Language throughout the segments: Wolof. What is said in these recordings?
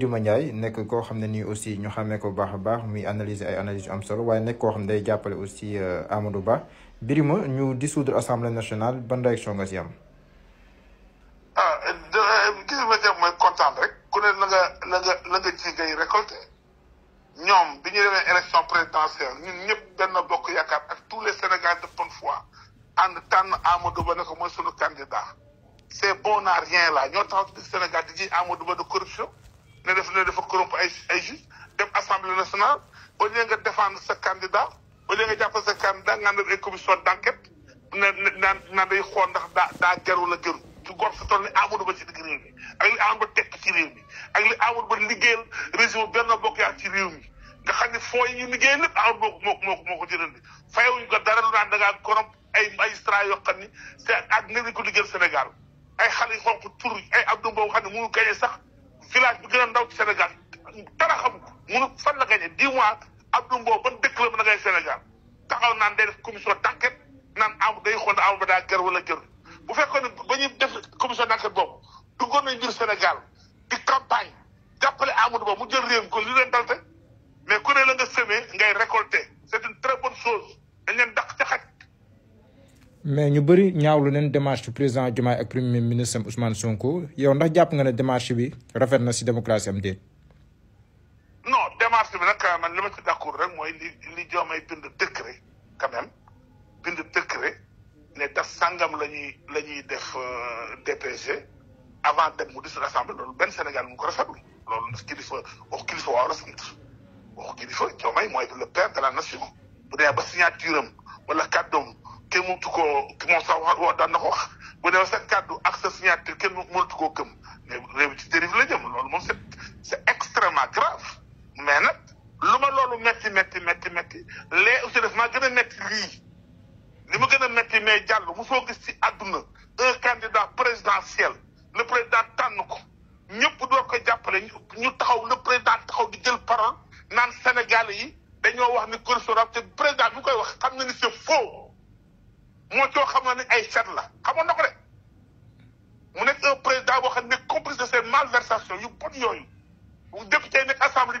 Birima Ndiaye nekk koo xam ne nii aussi ñu xamee ko baax a baax muy analyser ay analyse am solo waaye nekk koo xam ne day jàppale aussi euh, Amadou Ba Birima ñu dissoudre assemblée nationale ban réaction nga si am. ah gis nga def mooy kontaan rek ku ne la nga la nga la nga ji ngay récolté ñoom bi ñu demee élection présidentielle ñun ñëpp benn bokk yaakaar ak tous les Sénégalais de bonne foi ànd tànn Amadou Ba ne mooy sunu candidat. c'est bon à rien là ñoo taxaw ci ay ay juge dem assemblée nationale au lieu nga défendre sa candidat au lieu nga jàppal sa candidat nga ne ay commission d' enquête na na na day xool ndax daa daa jarul a jarul ci góor su toll ni Amadou Ba ci digg réew mi ak li Amadou Ba tekk ci réew mi ak li Amadou Ba liggéeyal régime Benno Bokk Yaakaar ci réew mi nga xam ne fonds yi ñu liggéey lépp Amadou moo moo moo moo ko jëlandi fayewuñu ko dara lu naan da ngaa corrompre ay magistrat yoo xam ni c'est ak nga ne ko liggéeyal Sénégal ay xale yu xonq tur ay Abdou Mbow xam ne mënu gagné sax village bi gën a ndaw ci Sénégal dara xam ko fan la gagné dix mois Abdou dëkk la mën a gagné Sénégal taxaw naan day def commission d'enquête naan am day xool am ba daa wala gër bu fekkoon ne ba ñuy def commission d'enquête boobu duggoon nañ biir Sénégal di campagne jàppale Amadou Ba mu jël réew ko li leen mais ku ne la nga semé ngay récolter c'est une très bonne chose dañ leen dàq ca xaj mais ñu bëri ñaawlu leen démarche bu président Diomaye ak premier ministre Ousmane Sonko yow ndax jàpp nga ne démarche bi rafet na si démocratie am déet nag man li ma ci d'accord rek moy li li jomay bind décret quand même bind décret ne daf sangam la ñuy def euh, DPG avant dem mu dis assemblée loolu benn Sénégal mu ko rafetlu loolu kilifa wax kilifa waaw la sant wax kilifa joomay mooy le père de la nation bu demee ba signature wala kàddoom kenn mëntu koo moom sax wax wa na ko wax bu demee sa kàddu ak sa signature kenn mu tuko gëm mais réew ci dérive la jëm lolou moom c'est extrêmement grave mais nag luma lolu métier, metti metti metti metti aussi def métier, le metti le métier, le métier, gis ci un candidat présidentiel le président tan ko ñëpp métier, ko ñu taxaw le président taxaw di jël parole le Sénégal yi dañu wax ni président bu koy wax xam nga ni c'est faux mo xam ay chat la mu un président bo xam complice de ces malversations yu bon député nek assemblée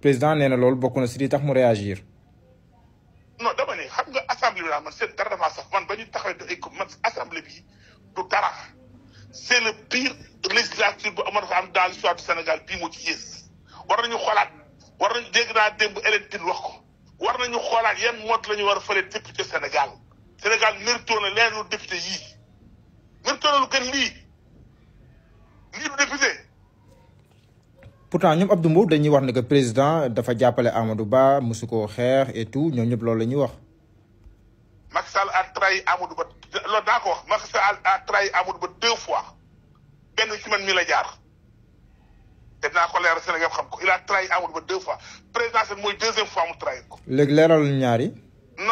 président nena lol bokku na sidi tax mu réagir. non dama ne xam nga assemblée la man seen dara ma sax man bañu ñu do da ko man assemblée bi du dara c'est le pire législature bu amoon fam am dans l'histoire du Sénégal bi mo ci yes war nañu xoolaat war nañu dégg na démb Hélène wax ko war nañu xoolaat yeen mot lañu wara war fële député Sénégal Sénégal méritoon na lénu député yi méritoon na lu gën li lii député. pourtant ñoom Abdou Mbow dañuy wax ne que président dafa jàppale Amadou Ba mosu koo xeex et tout ñoom ñëpp loolu la ñuy wax. Macky Sall a trahi Amadou Ba loolu daa ko wax Macky Sall a trahi Ba deux fois benn ci man mi la jaar te dinaa ko leeral Sénégal xam ko il a trahi Amadou Ba deux fois président mooy deuxième fois mu trahi ko. léegi leeralal ñaari.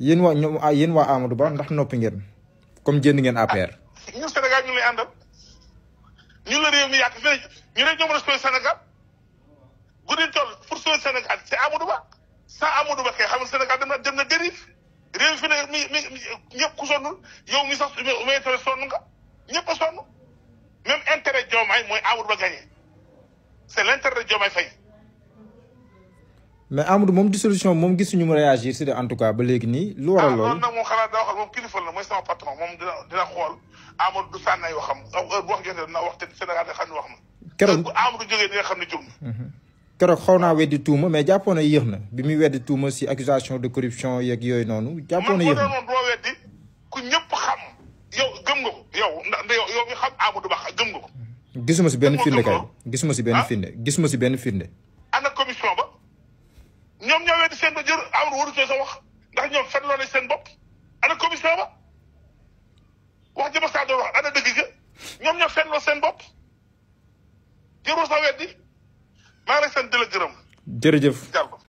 yéen waa ñoom ah, yéen waa Amadou ndax noppi ngeen comme génn ngeen APR. Ah, ñun Sénégal ñu lay àndal ñun la réew mi yàq fii ñu ne ñoom respect Sénégal guddi toll pour sauver Sénégal c'est Amadou Ba sans Amadou Ba kay xamul Sénégal dem na dem na dérive réew fi ne mi mi ñëpp ku sonnul yow mi sax mi intérêt sonn nga ñëpp a sonn même intérêt mooy Amadou Ba gagné c'est l'intérêt de Diomaye Faye mais Amadou moom dissolution moom gisuñu mu réagir si de en tout cas ba léegi nii. lu waral ah, loolu ah man nag moom xanaa daa wax moom kilifa na. xam ne jóg mhm. xaw naa weddi tuuma mais jàppoon na yéex na bi muy weddi tuuma si accusation de corruption yeeg yooyu noonu. jàppoon na yéex na man ma doon doo nga ko yow ndax yow mhm. gisuma si benn firnde kay gisuma si benn ah? firnde gisuma si benn firnde ñoom ñoo weddi seen ba jër amul warutoo sa wax ndax ñoom fen loo nañ seen bopp ana commission ba wax jëma saa doon wax ana dëgg ga ñoom ñoo fen loo seen bopp jëroo sa weddi maa ngi lay sant di la gërëm jërëjëf jàll